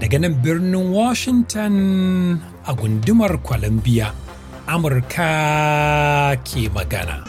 Daga nan birnin Washington a gundumar Columbia, Amurka ke magana.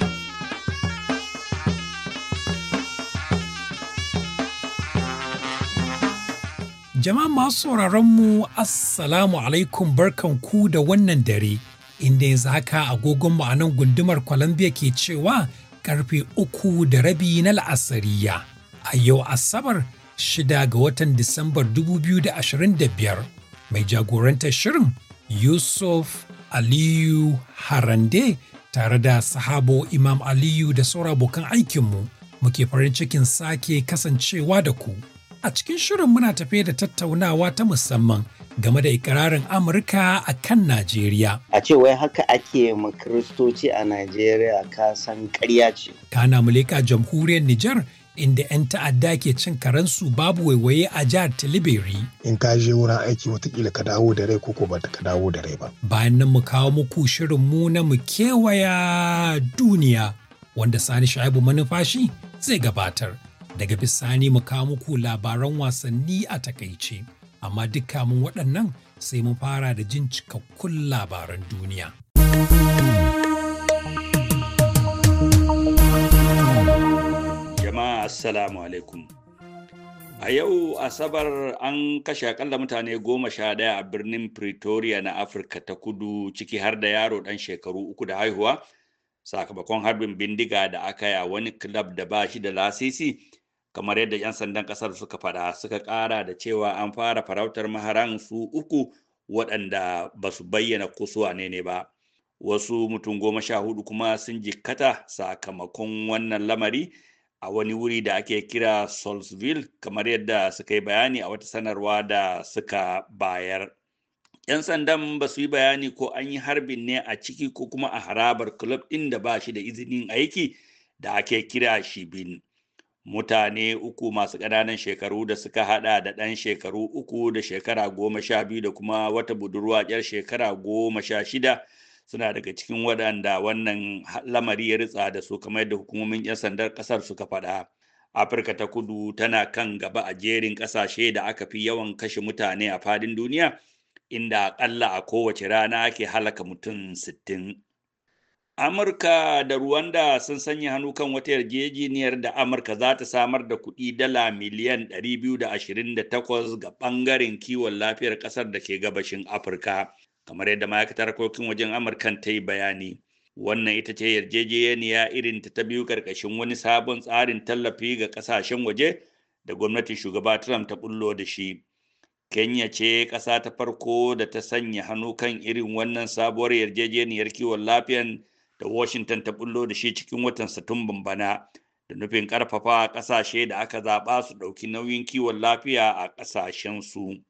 Jama'a masu mu Assalamu alaikum ku da wannan dare, inda yanzu haka agogonmu a nan gundumar kwalambiya ke cewa karfe uku da rabi na la'asariya a yau asabar shida ga watan disambar 2025 mai jagorantar shirin yusuf aliyu harande tare da sahabo imam aliyu da saura abokan aikinmu muke farin cikin sake kasancewa da ku a cikin shirin muna tafe da tattaunawa ta musamman game da ikirarin Amurka a kan Najeriya. A ce wai haka ake ma Kiristoci a Najeriya ka san ƙarya ce. Kana mulika jamhuriyar Nijar inda 'yan ta'adda ke cin karensu babu waiwaye a jihar Tilibiri. In ka je wurin aiki watakila ka dawo da rai koko ba ka dawo da rai ba. Bayan nan mu kawo muku shirin mu na mu kewaya duniya wanda Sani Shaibu manufashi zai gabatar. Daga bisani mu kawo muku labaran wasanni a takaice. amma duka mun waɗannan sai mu fara da jin cikakkun labaran duniya. Jama'a Assalamu alaikum. A yau Asabar an kashe akalla mutane goma sha ɗaya a birnin Pretoria na Afirka ta kudu ciki har da yaro ɗan shekaru uku da haihuwa sakamakon harbin bindiga da aka yi a wani club da ba shi da lasisi kamar yadda 'yan sandan kasar suka fada suka kara da cewa an fara farautar maharan su uku waɗanda ba su bayyana ko su ne ne ba wasu mutum goma sha hudu kuma sun jikkata sakamakon wannan lamari a wani wuri da ake kira Solsville kamar yadda suka yi bayani a wata sanarwa da suka bayar. 'Yan sandan ba su yi bayani ko an yi harbin ne a ciki ko kuma a harabar club ɗin da ba shi da izinin aiki da ake kira Shibin. mutane uku masu ƙananan shekaru da suka haɗa da ɗan shekaru uku da shekara goma sha biyu da kuma wata budurwa yar shekara goma sha shida suna daga cikin waɗanda wannan lamari ya ritsa da su kamar yadda hukumomin 'yan sandar ƙasar suka faɗa afirka ta kudu tana kan gaba a jerin ƙasashe da aka fi yawan kashe mutane a fadin duniya inda aƙalla a kowace rana ake halaka mutum sittin. Amurka da Rwanda sun sanya hannu kan wata yarjejeniyar da Amurka za ta samar da kuɗi dala miliyan 228 ga ɓangaren kiwon lafiyar ƙasar da ke gabashin Afirka, kamar yadda ma'aikatar harkokin wajen Amurkan ta yi bayani. Wannan ita ce yarjejeniya irin ta biyu ƙarƙashin wani sabon tsarin tallafi ga ƙasashen waje da gwamnatin shugaba Trump ta bullo da shi. Kenya ce ƙasa ta farko da ta sanya hannu kan irin wannan sabuwar yarjejeniyar kiwon lafiyar. da Washington ta bullo da shi cikin watan Satumban bana da nufin ƙarfafa ƙasashe da aka zaɓa su ɗauki nauyin kiwon lafiya a ƙasashensu.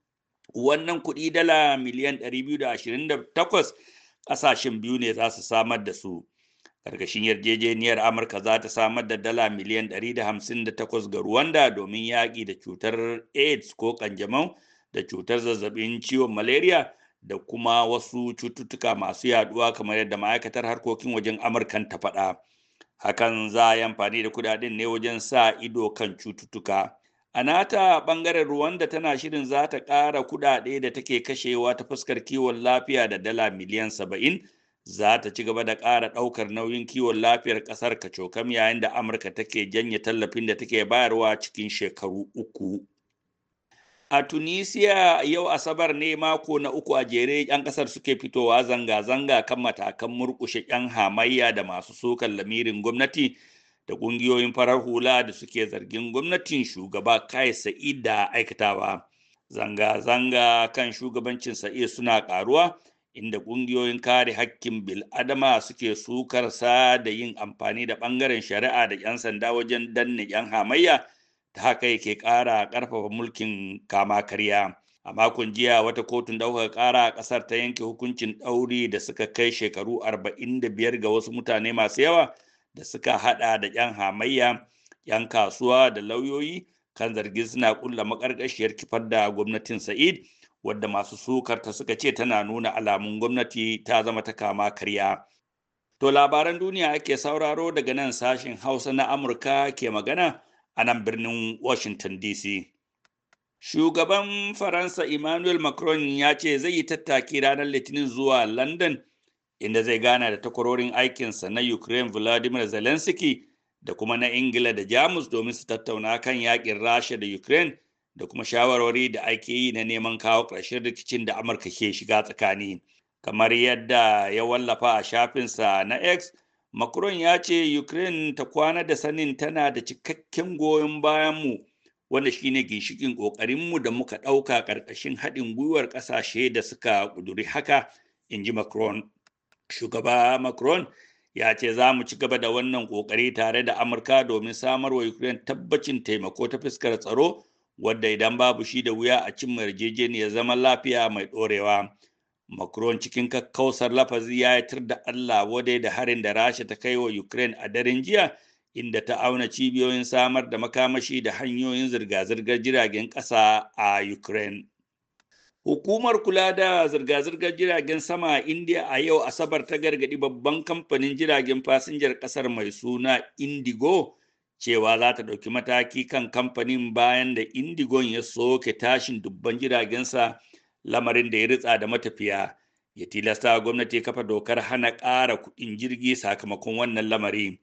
Wannan kuɗi dala miliyan 228 ƙasashen biyu ne za su samar da su. Karkashin yarjejeniyar Amurka za ta samar da dala miliyan 158 ga Rwanda domin yaƙi da cutar AIDS ko ƙanjamau da cutar zazzabin ciwon malaria da kuma wasu cututtuka masu yaduwa kamar yadda ma'aikatar harkokin wajen amurkan ta faɗa hakan za a yi amfani da kudaden ne wajen sa ido kan cututtuka a nata ɓangaren ruwan da tana shirin za ta ƙara kudade da take kashewa ta fuskar kiwon lafiya da dala miliyan saba'in za ta ci gaba da ƙara ɗaukar nauyin kiwon lafiyar ƙasar kacokam yayin da amurka take janye tallafin da take bayarwa cikin shekaru uku a tunisia yau asabar ne mako na uku a jere 'yan kasar suke fitowa zanga-zanga kan matakan murkushe 'yan hamayya da masu sukan lamirin gwamnati da kungiyoyin farar hula da suke zargin gwamnatin shugaba kai sa'id da aikatawa zanga-zanga kan shugabancin sa'id suna karuwa inda kungiyoyin kare hakkin bil'adama suke sukar sa da yin amfani da bangaren shari'a da 'yan sanda wajen danne 'yan hamayya ta haka yake ƙara ƙarfafa mulkin kama karya a makon jiya wata kotun ɗaukar ƙara a ƙasar ta yanke hukuncin ɗauri da suka kai shekaru 45 ga wasu mutane masu yawa da suka haɗa da 'yan hamayya 'yan kasuwa da lauyoyi kan zargi suna ƙulla maƙarƙashiyar kifar da gwamnatin sa'id wadda masu sukar ta suka ce tana nuna alamun gwamnati ta zama ta kama karya. To labaran duniya ake sauraro daga nan sashen Hausa na Amurka ke magana a nan birnin Washington DC. Shugaban Faransa Emmanuel Macron ya ce zai yi tattaki ranar Litinin zuwa London inda zai gana da takwarorin aikinsa na Ukraine Vladimir Zelensky da kuma na Ingila da Jamus domin su tattauna kan yakin Rasha da Ukraine da kuma shawarwari da ake yi na neman kawo ƙarshen rikicin da Amurka ke shiga tsakani. Kamar yadda ya wallafa a shafinsa na X, macron ya ce ukraine ta kwana da sanin tana da cikakken goyon bayan mu wanda shine ginshikin ƙoƙarinmu da muka ɗauka ƙarƙashin haɗin gwiwar ƙasashe da suka ƙuduri haka inji ji macron shugaba macron ya ce za mu ci gaba da wannan ƙoƙari tare da amurka domin samar wa ukraine tabbacin taimako ta fuskar tsaro wadda idan babu shi da wuya a cin yarjejeniyar zaman lafiya mai ɗorewa Macron cikin kakkausar lafazi ya yatar da Allah wadai da harin da Rasha ta kai wa Ukraine a daren jiya inda ta auna cibiyoyin samar da makamashi da hanyoyin zirga-zirgar jiragen ƙasa a Ukraine. Hukumar kula da zirga-zirgar jiragen sama a India a yau Asabar ta gargaɗi babban kamfanin jiragen fasinjar ƙasar mai suna Indigo cewa za ta ɗauki mataki kan kamfanin bayan da Indigo ya soke tashin dubban jiragensa. lamarin da ya ritsa da matafiya ya tilasta gwamnati kafa dokar hana ƙara kuɗin jirgi sakamakon wannan lamari.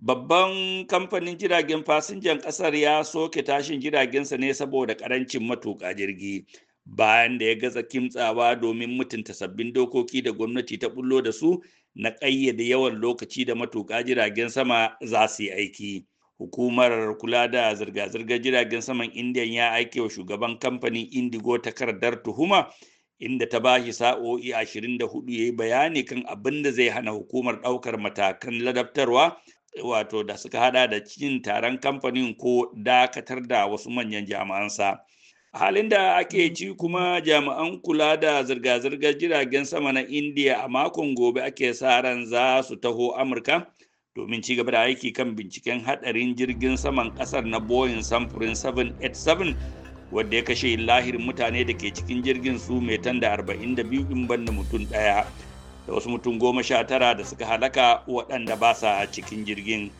Babban kamfanin jiragen fasinjan ƙasar ya soke tashin jiragensa ne saboda ƙarancin matuƙa jirgi. Bayan da ya gaza kimtsawa domin mutunta sabbin dokoki da gwamnati ta bullo da su na ƙayyade yawan lokaci da matuƙa jiragen sama za su yi aiki. hukumar kula da zirga-zirgar jiragen saman indiya ya aike wa shugaban kamfanin indigo takardar tuhuma inda ta bashi sa'o'i 24 ya yi bayani kan abin da zai hana hukumar ɗaukar matakan ladabtarwa wato da suka hada da cikin taron kamfanin ko dakatar da wasu manyan jami'ansa halin da ake mm. ci kuma jami'an kula da zirga-zirgar jiragen sama na indiya a makon gobe ake sa ran za su taho amurka domin ci gaba da aiki kan binciken hadarin jirgin saman kasar na boeing samfurin 787 wadda ya kashe lahirin mutane da ke cikin jirgin su mai da 42 in banda mutum daya da wasu mutum goma sha tara da suka halaka waɗanda ba sa cikin jirgin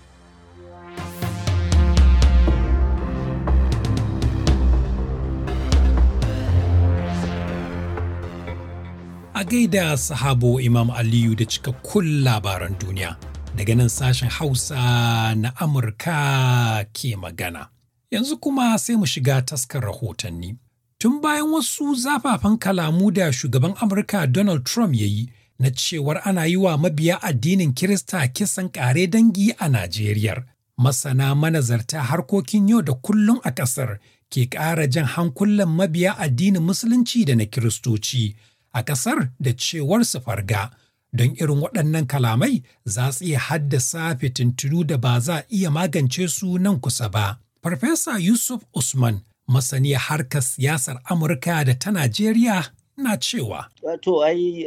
a gaida sahabo imam aliyu da cikakkun labaran duniya daga nan sashen Hausa na Amurka ke magana. Yanzu kuma sai mu shiga taskar rahotanni. Tun bayan wasu zafafan kalamu da shugaban Amurka Donald Trump ya yi na cewar ana yi wa mabiya addinin Kirista kisan ƙare dangi a Najeriya. Masana manazarta harkokin yau da kullum a ƙasar ke ƙara jan hankulan mabiya addinin Musulunci da na Kiristoci a ƙasar da cewar su farga. don irin waɗannan kalamai za su iya haddasa fitintunu da ba za a iya magance su nan kusa ba. Farfesa Yusuf Usman, masani harkar siyasar Amurka da ta Najeriya na cewa. Wato ai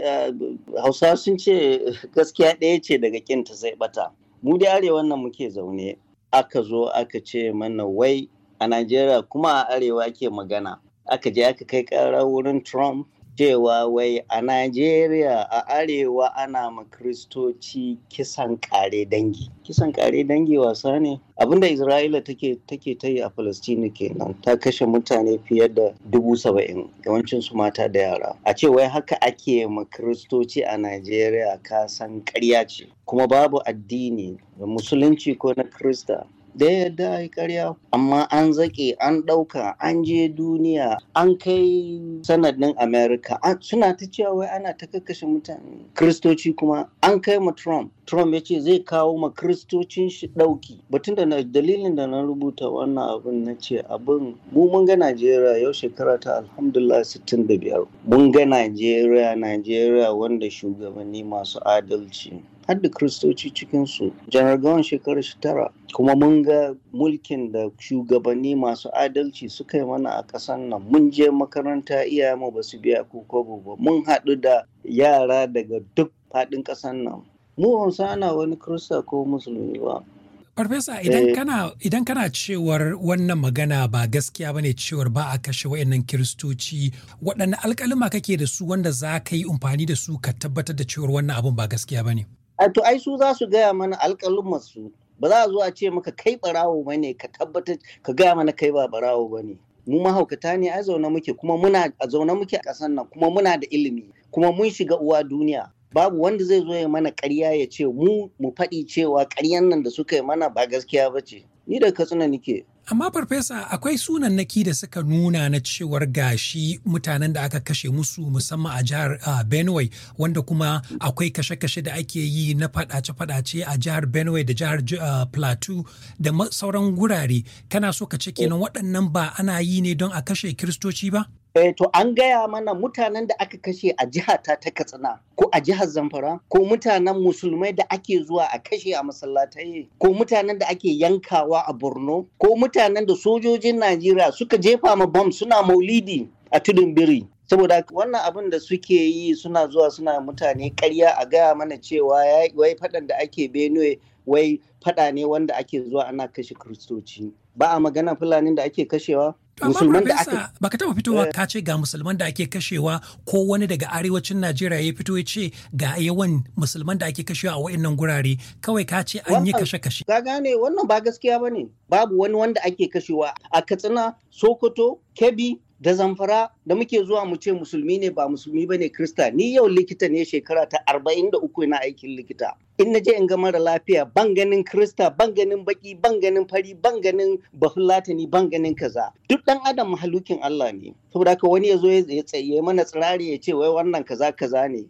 Hausa sun ce gaskiya ɗaya ce daga kinta zai bata. Mu da arewa nan muke zaune aka zo aka ce mana wai a Najeriya kuma a arewa ke magana. Aka je aka kai ƙara wurin Trump cewa wai a Najeriya a arewa ana ma kristoci kisan kare dangi. Kisan kare dangi wasa ne? Abinda Isra'ila take ta yi a Falastini kenan ta kashe mutane fiye da dubu saba'in yawancin su mata da yara. A ce wai haka ake ma kristoci a Najeriya kasan karya ce kuma babu addini da musulunci ko na krista da yarda ya karya amma an zake an ɗauka an je duniya an kai sanadin amerika suna ta cewa wai ana ta kakkashe mutane kristoci kuma an kai ma trump trump ya ce zai kawo ma kristocin shi ɗauki batun da dalilin da na rubuta wannan abin na ce abin mu mun ga najeriya yau shekara ta alhamdulillah biyar. mun ga najeriya najeriya wanda shugabanni masu adalci har da kristoci cikinsu janar gawan shekarar shi tara kuma mun ga mulkin da shugabanni masu adalci suka yi mana a ƙasar nan mun je makaranta mu ba su biya kokobo ba mun haɗu da yara daga duk faɗin ƙasar nan mu ba ana wani kirista ko musulmi ba Farfesa eh. idan kana cewar wannan magana ba gaskiya bane cewar ba a kashe wayannan kiristoci waɗanne alƙaluma kake da su wanda za ka yi amfani da su ka tabbatar da cewar wannan abun ba gaskiya bane. a to ai su za su gaya mana alƙalin su ba za a zo a ce maka kai barawo ba ne ka tabbatar ka gaya mana kai ba barawo ba ne mu mahaukata ne ai zaune muke kuma muna a zaune muke a ƙasar nan kuma muna da ilimi kuma mun shiga uwa duniya babu wanda zai zo ya mana ƙarya ya ce mu mu faɗi cewa ƙaryan nan da suka yi mana ba gaskiya ba ce ni da katsina nike Amma farfesa akwai sunannaki da suka nuna na cewar gashi mutanen da aka kashe musu musamman a jihar Benue wanda kuma akwai kashe-kashe da ake yi na fadace-fadace a jihar Benue da jihar Plateau da sauran gurare. Kana so ka ce kenan waɗannan ba ana yi ne don a kashe kiristoci ba? Eh to an gaya mana mutanen da aka kashe a jihata ta Katsina ko a jihar Zamfara ko mutanen musulmai da ake zuwa a kashe a masallatai ko mutanen da ake yankawa a Borno ko mutanen da sojojin Najeriya suka jefa ma bom suna maulidi a tudun biri saboda wannan abin da suke yi suna zuwa suna mutane karya a gaya mana cewa wai faɗan da ake benue wai faɗa ne wanda ake zuwa ana kashe kristoci ba a magana Fulani da ake kashewa musulman da aka baka taba fitowa eh. ka ce ga musulman da ake kashewa ko wani daga arewacin Najeriya ya fito ya ce ga yawan musulman da ake kashewa a wayannan gurare kawai ka ce an yi kashe kashe ka gane wannan ba gaskiya bane babu wani wanda ake kashewa a Katsina Sokoto Kebbi da zamfara da muke zuwa mu ce musulmi ne ba musulmi ba ne krista ni yau likita ne shekara ta arba'in da uku na aikin likita in na je in ga mara lafiya ban ganin krista ban ganin baki ban ganin fari ban ganin bafulatani ban ganin kaza duk dan adam mahalukin allah ne saboda ka wani ya zo ya tsaye mana tsirari ya ce wai wannan kaza kaza ne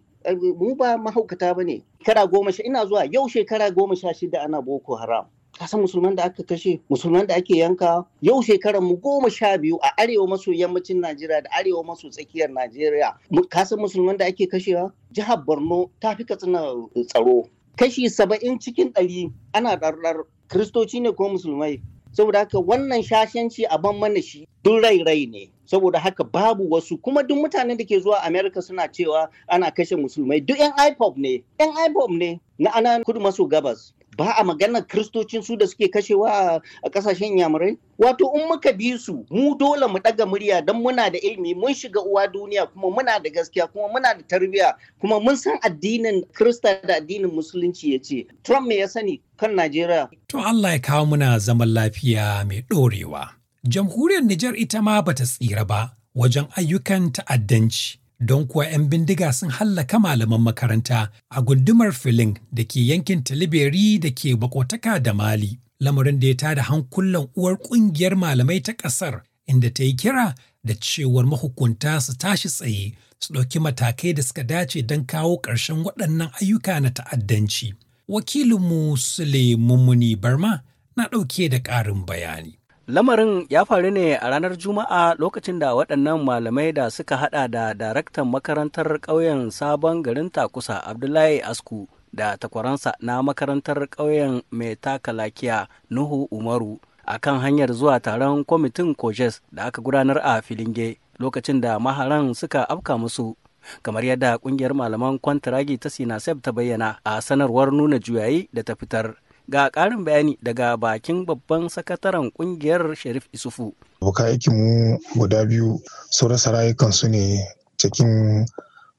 mu ba mahaukata ba ne. Kara goma sha ina zuwa yau shekara goma sha shida ana Boko Haram. ka san musulman da aka kashe musulman da ake yanka yau shekarar mu goma sha biyu a arewa maso yammacin najeriya da arewa maso tsakiyar najeriya ka musulman da ake kashewa jihar borno ta fi katsina eh, tsaro kashi saba'in cikin ɗari ana ɗarɗar kiristoci ne ko musulmai saboda haka wannan shashanci a ban mana shi duk rai rai ne saboda haka babu wasu kuma duk mutanen da ke zuwa america suna cewa ana kashe musulmai duk yan ipop ne yan ipop ne na ana kudu maso gabas ba a maganar kristocin su da suke kashewa a kasashen yamurai wato in muka bi su mu dole mu daga murya don muna da ilimi mun shiga uwa duniya kuma muna da gaskiya kuma muna da tarbiyya kuma mun san addinin krista da addinin musulunci ya ce trump me ya sani kan najeriya to allah ya kawo muna zaman lafiya mai ɗorewa jamhuriyar nijar ita ma bata tsira ba wajen ayyukan ta'addanci don kuwa 'yan bindiga sun hallaka malaman makaranta a gundumar filin da ke yankin Taliberi da ke bakotaka da Mali. Lamarin da ya tada hankulan uwar ƙungiyar malamai ta ƙasar inda ta yi kira da cewar mahukunta su tashi tsaye su ɗauki matakai da suka dace don kawo ƙarshen waɗannan ayyuka na ta'addanci. Wakilinmu Sule Mummuni Barma na ɗauke da ƙarin bayani. Lamarin ya faru ne a ranar Juma'a lokacin da waɗannan malamai da suka haɗa da daraktan makarantar ƙauyen sabon garin Takusa Abdullahi Asku da takwaransa na makarantar ƙauyen mai takalakiya Nuhu Umaru a kan hanyar zuwa taron kwamitin Kojes da aka gudanar a Filinge lokacin da maharan suka afka musu. kamar yadda ƙungiyar malaman Kwantaragi ta sinasef ta bayyana a sanarwar nuna juyayi da ta fitar Ga ƙarin bayani daga bakin babban sakataren ƙungiyar Sharif Isufu. Abokan mu guda biyu sun rasa su ne cikin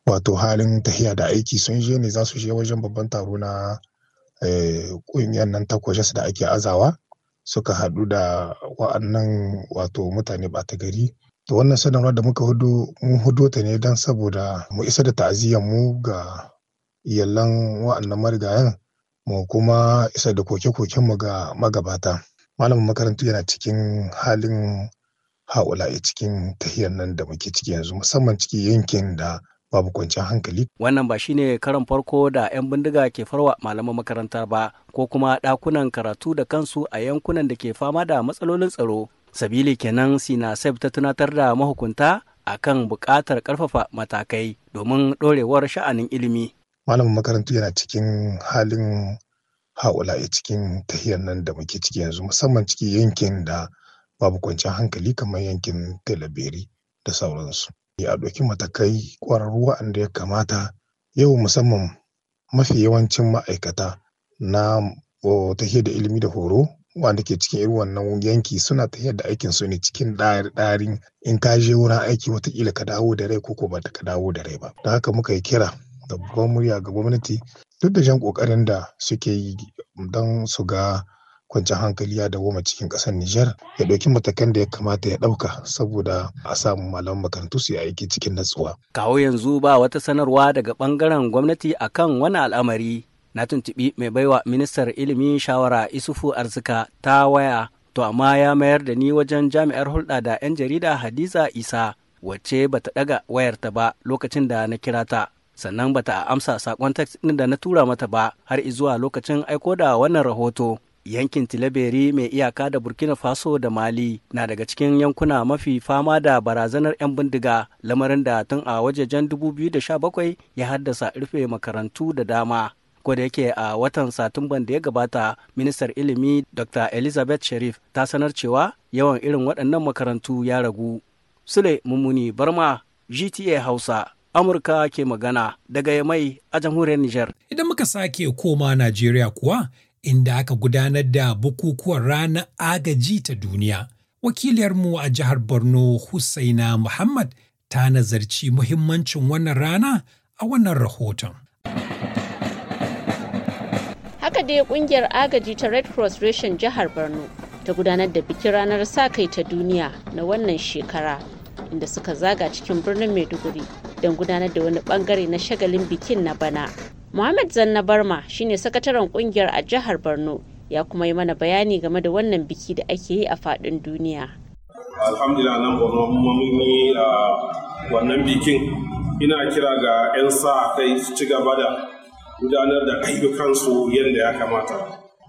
wato halin tahiya da aiki sun je ne za su je wajen babban taro na eh, ƙungiyar nan ta da ake azawa suka haɗu da wa'annan wato mutane ɓata gari to wannan sanarwa da muka hudu mun hudu ta ne don saboda mu isa da ta'aziyyar mu ga iyalan wa'annan marigayan mu kuma isa da koke-koken mu ga magabata malamin makarantu yana cikin halin a cikin tahiyar nan da muke ciki yanzu musamman ciki yankin da babu kwanciyar hankali. Wannan ba shine karan farko da 'yan bindiga ke farwa malaman makaranta ba ko kuma ɗakunan karatu da kansu a yankunan da ke fama da matsalolin tsaro. Sabili kenan Sinasef ta tunatar da mahukunta akan buƙatar ƙarfafa matakai domin ɗorewar sha'anin ilimi. malamin makarantu yana cikin halin ha'ula a cikin tahiyar nan da muke ciki yanzu musamman ciki yankin da babu kwanciyar hankali kamar yankin talabiri da sauransu a ɗauki matakai ƙwararru waɗanda ya kamata yau musamman mafi yawancin ma'aikata na tahiyar da ilimi da horo wanda ke cikin irin wannan yanki suna tafiyar da aikin su ne cikin ɗarin in ka je wurin aiki watakila ka dawo da rai ko ba ta ka dawo da rai ba da haka muka yi kira da murya ga gwamnati duk da jan kokarin da suke yi don su ga kwanciyar hankali ya dawoma cikin kasar Nijar ya dauki matakan da ya kamata ya dauka saboda a samu malaman makarantu su yi aiki cikin natsuwa. Kawo yanzu ba wata sanarwa daga bangaren gwamnati akan wani al'amari na tuntubi mai baiwa ministar ilimi shawara isufu arzika ta waya to amma ya mayar da ni wajen jami'ar hulɗa da 'yan jarida hadiza isa wacce bata ɗaga wayarta ba lokacin da na kira ta sannan bata amsa saƙon text ɗin da na tura mata ba har zuwa lokacin aiko da wannan rahoto yankin tilaberi mai iyaka da burkina faso da mali na daga cikin yankuna mafi fama da barazanar 'yan bindiga lamarin da tun a wajejen 2017 ya haddasa rufe makarantu da dama yake a watan satumban da ya gabata ministar ilimi dr elizabeth sharif ta sanar cewa yawan irin waɗannan makarantu ya ragu sule mummuni barma gta hausa Amurka ke magana daga Yamai a jamhuriyar Nijar. Idan muka sake koma Najeriya kuwa inda aka gudanar da bukukuwan ranar agaji ta duniya. Wakiliyarmu a jihar Borno Hussaina Muhammad ta nazarci muhimmancin wannan rana a wannan rahoton. Haka dai kungiyar agaji ta Red Cross Reshen jihar Borno ta gudanar da bikin ranar sa kai ta duniya na wannan shekara inda suka zaga cikin birnin Maiduguri don gudanar da wani bangare na shagalin bikin na bana. Muhammad Zanna Barma shine sakataren kungiyar a jihar Borno ya kuma yi mana bayani game da wannan biki da ake yi a faɗin duniya. Alhamdulillah nan Borno mun yi ah, wannan bikin ina kira ga 'yan sa kai su ci gaba da gudanar da ayyukansu yadda ya kamata.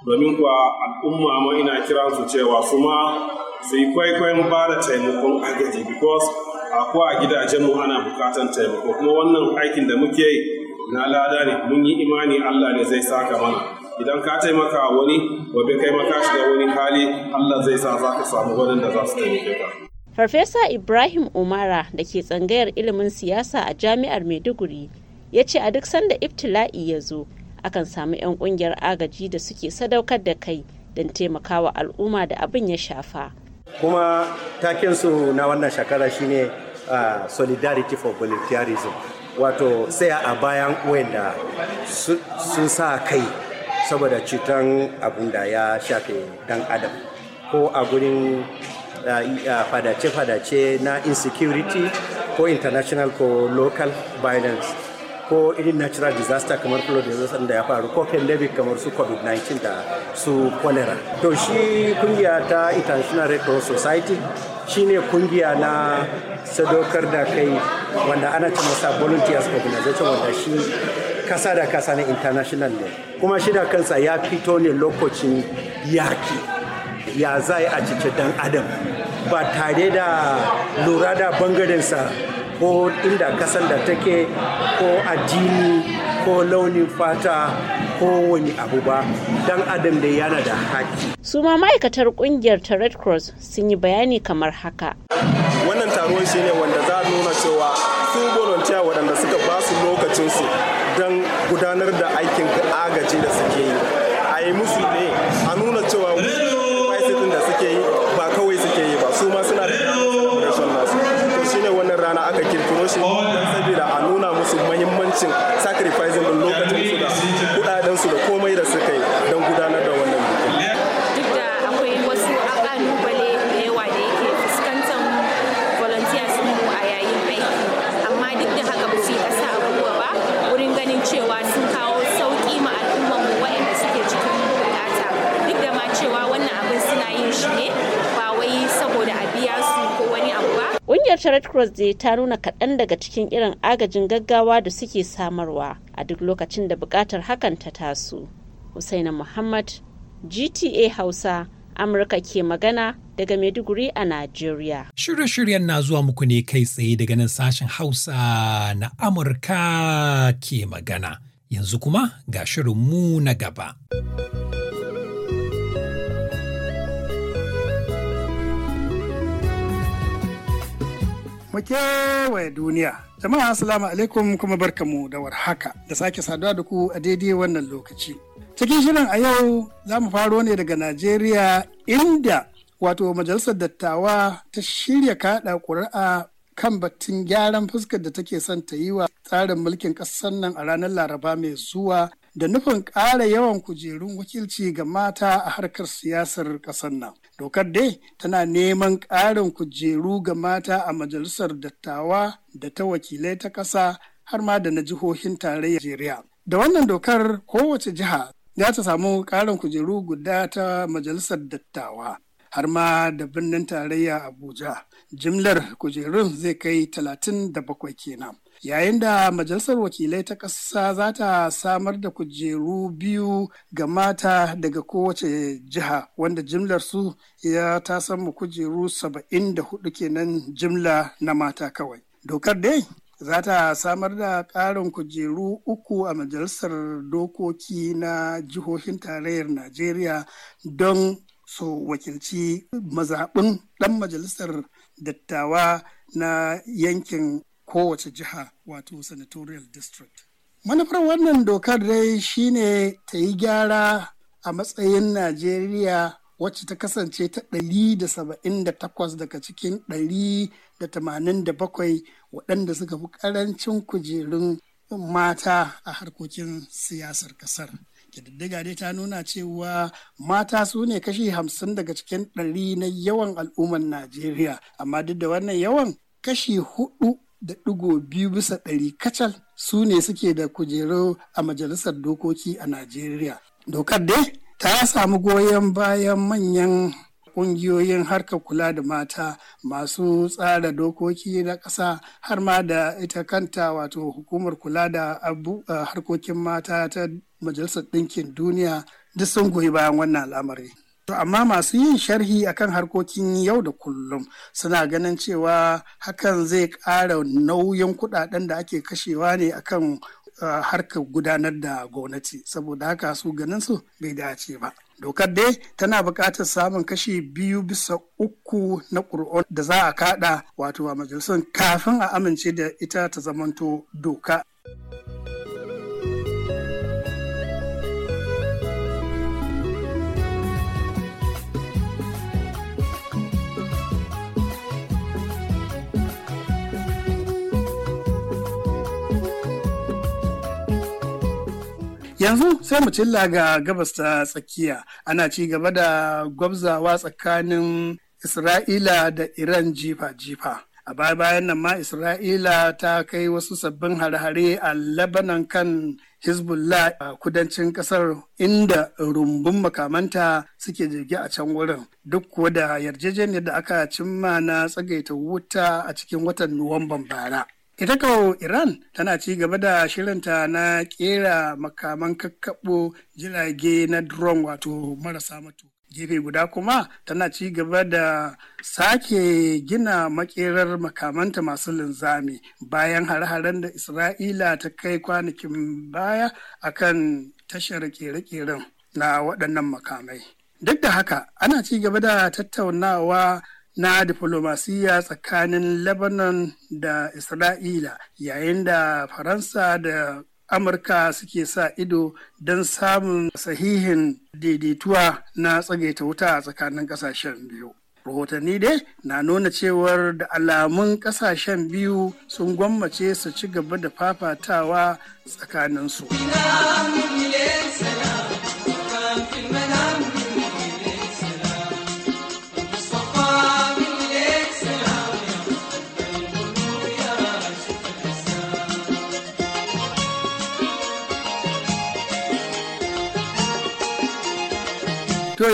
Domin kuwa al'umma ma ina kiransu cewa su ma su yi kwaikwayon ba da taimakon agaji because ko a gidajenmu ana bukatan taimako kuma wannan aikin da muke yi na lada ne mun yi imani Allah ne zai saka mana idan ka taimaka wani gobe kai maka shiga wani hali Allah zai sa za ka samu da za su taimake ka. Farfesa Ibrahim Umara da ke tsangayar ilimin siyasa a jami'ar Maiduguri ya ce a duk sanda iftila'i ya zo akan samu 'yan kungiyar agaji da suke sadaukar da kai don taimakawa al'umma da abin ya shafa. kuma taken su na wannan shekara shine uh, solidarity for volunteerism wato sai a bayan wanda sun sa kai saboda cutar abin da ya shafe dan adam ko a gurin fadace-fadace na insecurity ko international ko local violence ko irin natural disaster kamar flood disaster da ya faru ko pandemic kamar su covid-19 da su cholera to shi kungiya ta international red cross society shine kungiya na sadaukar da kai wanda ana ce masa volunteers organization wanda shi kasa da kasa na international ne kuma shi da kansa ya fito ne lokacin yaki ya zai a cike dan adam ba tare da lura da bangarensa ko inda kasar da take ko addini ko launin fata ko wani abu ba dan adam da yana da haƙƙi. su ma ma'aikatar kungiyar ta red cross sun yi bayani kamar haka wannan taron shine wanda red cross dai ta nuna kaɗan daga cikin irin agajin gaggawa da suke samarwa a duk lokacin da buƙatar hakan ta taso Usaina muhammad gta hausa Amurka ke magana daga Maiduguri a Najeriya. Shirye-shiryen na zuwa muku ne kai tsaye daga nan sashen Hausa na Amurka ke magana. Yanzu kuma ga shirin mu na gaba. mu kewaye duniya. Jama'a assalamu alaikum kuma barkamu da warhaka da sake saduwa da ku a daidai wannan lokaci. Cikin shirin a yau za mu faro ne daga Najeriya inda wato majalisar dattawa ta shirya kaɗa ƙuri'a kan batun gyaran fuskar da take son ta yi wa tsarin mulkin ƙasar nan a ranar laraba mai zuwa da nufin ƙara yawan kujerun wakilci ga mata a harkar siyasar ƙasar nan. Dokar dai tana neman ƙarin kujeru ga mata a majalisar dattawa da ta wakilai ta ƙasa har ma da na jihohin tarayyar Najeriya. Da wannan dokar kowace jiha za ta samu ƙarin kujeru guda ta majalisar dattawa. har ma da birnin tarayya Abuja. Jimlar kujerun zai kai talatin da bakwai kenan. yayin da majalisar wakilai ta ƙasa za ta samar da kujeru biyu ga mata daga kowace jiha wanda jimlar su ya ta samu kujeru saba'in da hudu kenan jimla na mata kawai dokar dai za ta samar da ƙarin kujeru uku a majalisar dokoki na jihohin tarayyar najeriya don so wakilci mazaɓin ɗan majalisar dattawa na yankin kowace jiha wato senatorial district. Manufar wannan dokar dai shine ta yi gyara a matsayin Najeriya wacce ta kasance ta 178 daga cikin 187 waɗanda suka fi ƙarancin kujerun mata a harkokin siyasar ƙasar. Kididdiga dai ta nuna cewa mata su ne kashi hamsin daga cikin ɗari na yawan al'ummar Najeriya, amma duk da wannan yawan kashi hudu da ɗigo biyu bisa ɗari kacal su ne suke da kujeru a majalisar dokoki a Najeriya. Dokar dai ta samu goyon bayan manyan ƙungiyoyin harkar kula da mata masu tsara dokoki na ƙasa har ma da ita kanta wato hukumar kula da harkokin mata ta majalisar ɗinkin duniya duk sun goyi bayan wannan al'amari. To amma masu yin sharhi akan harkokin yau da kullum suna ganin cewa hakan zai ƙara nauyin kuɗaɗen da ake kashewa ne akan uh, harkar gudanar da gwamnati saboda haka su ganin su bai dace ba. dokar dai tana buƙatar samun kashi biyu bisa uku na ƙuri'un da za a kaɗa wato a majalisun kafin a amince da ita ta zamanto doka. yanzu sai mu cilla ga gabas ta tsakiya ana ci gaba da gwabzawa tsakanin isra'ila da iran jifa-jifa a baya bayan nan ma isra'ila ta kai wasu sabbin hare-hare a labanan kan hezbollah a kudancin kasar inda rumbun makamanta suke jirgi a can wurin duk kuwa da yarjejeniyar da aka cimma na tsagaita wuta a cikin watan nuwamban bara Ita kawo Iran tana ci gaba da shirinta na kera makaman kakkaɓo jirage na drone wato marasa matu. Gefe guda kuma tana ci gaba da sake gina makerar makamanta masu linzami bayan har haren da Isra'ila ta kai kwanakin baya akan tashar kere-keren na waɗannan makamai. Duk da haka ana ci gaba da tattaunawa na diflomasiyya tsakanin lebanon da isra'ila yayin da faransa da amurka suke sa ido don samun sahihin daidaituwa na tsagaita wuta a tsakanin kasashen biyu rahotanni dai na nuna cewar da alamun kasashen biyu sun gwammace su ci gaba da fafatawa tsakaninsu.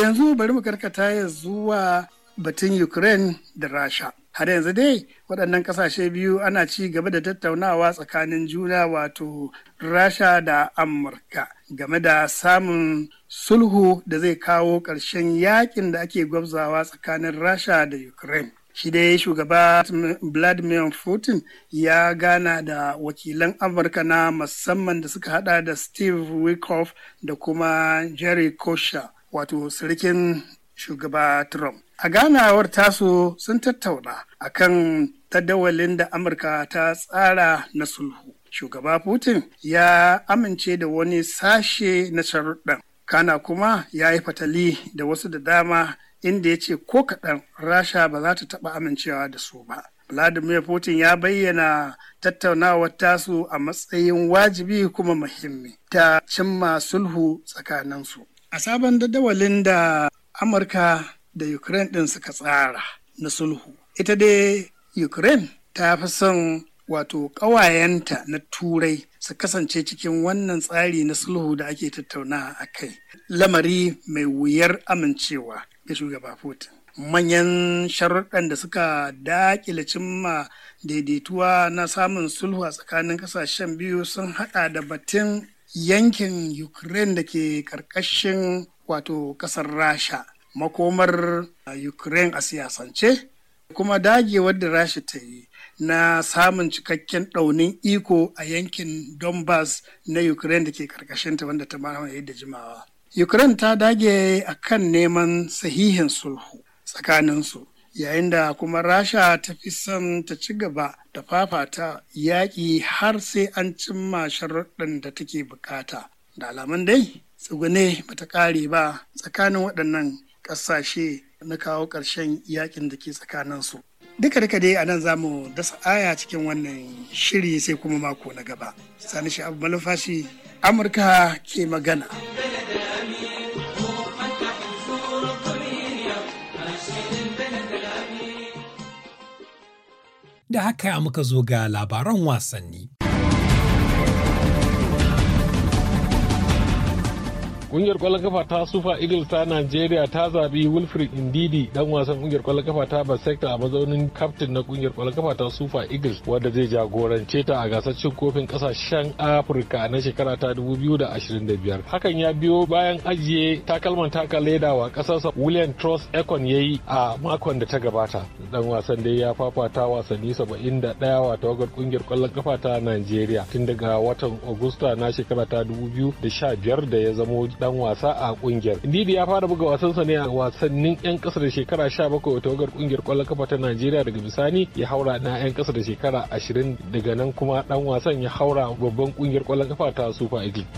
yanzu bari mu karkata ya zuwa batun Ukraine da Rasha. Har yanzu dai waɗannan ƙasashe biyu ana ci gaba da tattaunawa tsakanin juna wato Rasha da Amurka game da samun sulhu da zai kawo ƙarshen yakin da ake gwabzawa tsakanin Rasha da Ukraine. Shi dai shugaba Vladimir Putin ya gana da wakilan Amurka na musamman da suka hada da Steve Wickoff da kuma Jerry Kosher. wato sarkin shugaba Trump. A ganawar tasu sun tattauna a akan tadawalin da Amurka ta tsara na sulhu. Shugaba Putin ya amince da wani sashe na sharuɗan. Kana kuma ya yi fatali da wasu da dama inda ya ce ko kaɗan Rasha ba za ta taɓa amincewa da su ba. Vladimir Putin ya bayyana tattaunawar tasu a matsayin wajibi kuma muhimmi ta cimma sulhu tsakaninsu. a sabon dadawalin da amurka da ukraine ɗin suka tsara na sulhu ita dai ukraine ta fi son wato ƙawayenta na turai su kasance cikin wannan tsari na sulhu da ake tattauna a kai lamari mai wuyar amincewa ga shugaba putin manyan sharuɗan da suka daƙile cimma daidaituwa na samun sulhu a tsakanin ƙasashen biyu sun haɗa da batun yankin ukraine da ke karkashin wato kasar rasha makomar ukraine a siyasance kuma dagewar da rasha ta yi na samun cikakken ɗaunin iko a yankin donbass na ukraine da ke karkashinta wanda ta mamaye da jimawa ukraine ta dage a kan neman sahihin sulhu tsakaninsu yayin da kuma rasha ta fi son ta ci gaba da fafata yaƙi har sai an cimma sharuɗin da take bukata da alaman dai tsugune bata ƙare ba tsakanin waɗannan ƙasashe na kawo ƙarshen yaƙin da ke tsakaninsu duka duka dai a nan za mu dasa aya cikin wannan shiri sai kuma mako na gaba sani shi abu malufashi amurka ke magana. Da haka muka zo ga labaran wasanni. Kungiyar kwallon kafa ta sufa Eagles ta nigeria ta zabi Wilfred Indidi dan wasan kungiyar kwallon kafa ta Basecta a mazaunin captain na kungiyar kwallon kafa ta sufa Eagles wanda zai jagorance ta a gasar cin kofin kasashen Afirka na shekara ta 2025. Hakan ya biyo bayan ajiye takalman taka leda wa kasarsa William Trust Ekon yi a makon da ta gabata. Dan wasan dai ya fafata wasanni 71 wa tawagar kungiyar kwallon kafa ta nigeria tun daga watan Agusta na shekara ta 2015 da ya zamo dan wasa a kungiyar. Ndidi ya fara buga wasansa ne a wasannin 'yan kasa da shekara 17 wa tawagar kungiyar kwallon kafa ta Najeriya daga bisani ya haura na 'yan kasa da shekara 20 daga nan kuma dan wasan ya haura babban kungiyar kwallon kafa ta Super Eagles.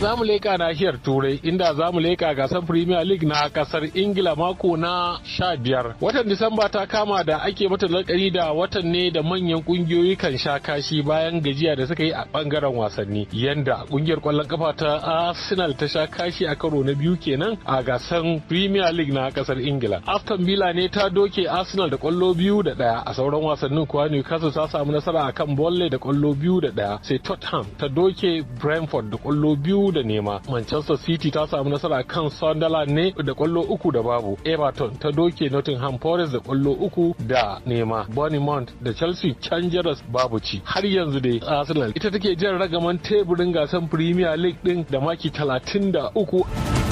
za mu leƙa nahiyar turai inda za mu leƙa gasar premier league na kasar ingila mako na sha biyar watan disamba ta kama da ake mata lakari da watan ne da manyan kungiyoyi kan sha kashi bayan gajiya da suka yi a bangaren wasanni yanda kungiyar kwallon kafa ta arsenal ta sha kashi a karo na biyu kenan a gasar premier league na kasar ingila aston villa ne ta doke arsenal da kwallo biyu da ɗaya a sauran wasannin kuwa newcastle ta samu nasara akan bolle da kwallo biyu da ɗaya sai tottenham ta doke brentford da kwallo biyu da nema manchester city ta samu nasara kan sunderland ne da kwallo uku da babu everton ta doke nottingham forest da kwallo uku da nema bournemouth da chelsea can babu ci har yanzu dai arsenal ita take jan ragaman teburin gasar premier league din da maki 33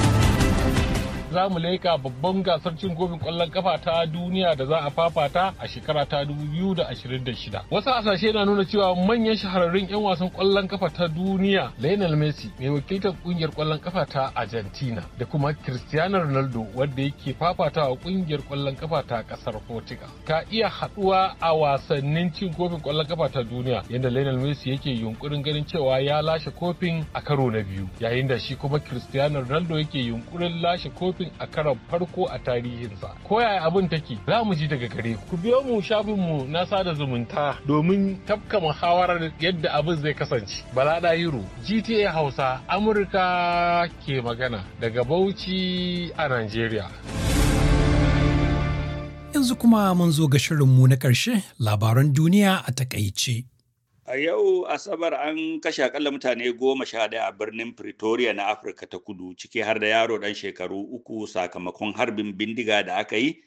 za mu laika babban gasar cin kofin kwallon kafa ta duniya da za a fafata a shekara ta 2026. Wasu hasashe na nuna cewa manyan shahararrun 'yan wasan kwallon kafa ta duniya Lionel Messi mai wakiltar kungiyar kwallon kafa ta Argentina da kuma Cristiano Ronaldo wanda yake fafata wa kungiyar kwallon kafa ta kasar Portugal. Ka iya haduwa a wasannin cin kofin kwallon kafa ta duniya yadda Lionel Messi yake yunkurin ganin cewa ya lashe kofin a karo na biyu yayin da shi kuma Cristiano Ronaldo yake yunkurin lashe kofin tallafin a karon farko a tarihinsa. yaya abin take za mu ji daga gare ku. biyo mu mu na sada zumunta domin tafka muhawarar yadda abin zai kasance. Bala Dahiru, GTA Hausa, Amurka ke magana daga Bauchi a Najeriya. Yanzu kuma mun zo ga shirinmu na ƙarshe labaran duniya a takaice. A yau Asabar an kashe akalla mutane goma sha ɗaya a birnin Pretoria na Afirka ta kudu ciki har da yaro ɗan shekaru uku sakamakon harbin bindiga da aka yi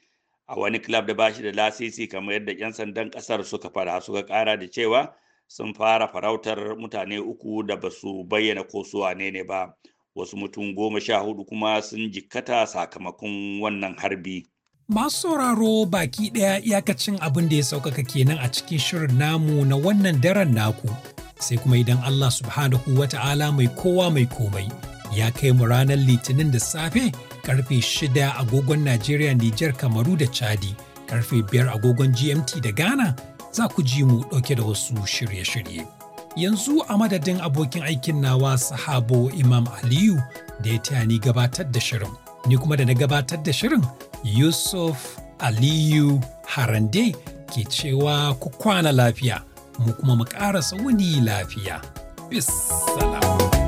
a wani club da bashi da lasisi kamar yadda 'yan sandan ƙasar suka fara suka ƙara da cewa sun fara farautar mutane uku da ba su bayyana ko su wane ne ba wasu mutum goma sha hudu kuma sun jikkata sakamakon wannan harbi. Masu sauraro baki ɗaya iyakacin abin da ya sauƙaƙa kenan a cikin shirin namu na wannan daren naku. Sai kuma idan Allah subhanahu wa ta'ala mai kowa mai komai ya kai mu ranar litinin da safe karfe shida agogon Najeriya Nijar Kamaru da Chadi karfe biyar agogon GMT da Ghana za ku ji mu ɗauke da wasu shirye-shirye. Yanzu a madadin abokin aikin nawa sahabo Imam Aliyu da ya taya ni gabatar da shirin. Ni kuma da na gabatar da shirin Yusuf Aliyu Harande ke cewa ku kwana lafiya, mu kuma mu ƙara wani lafiya. Bis salamu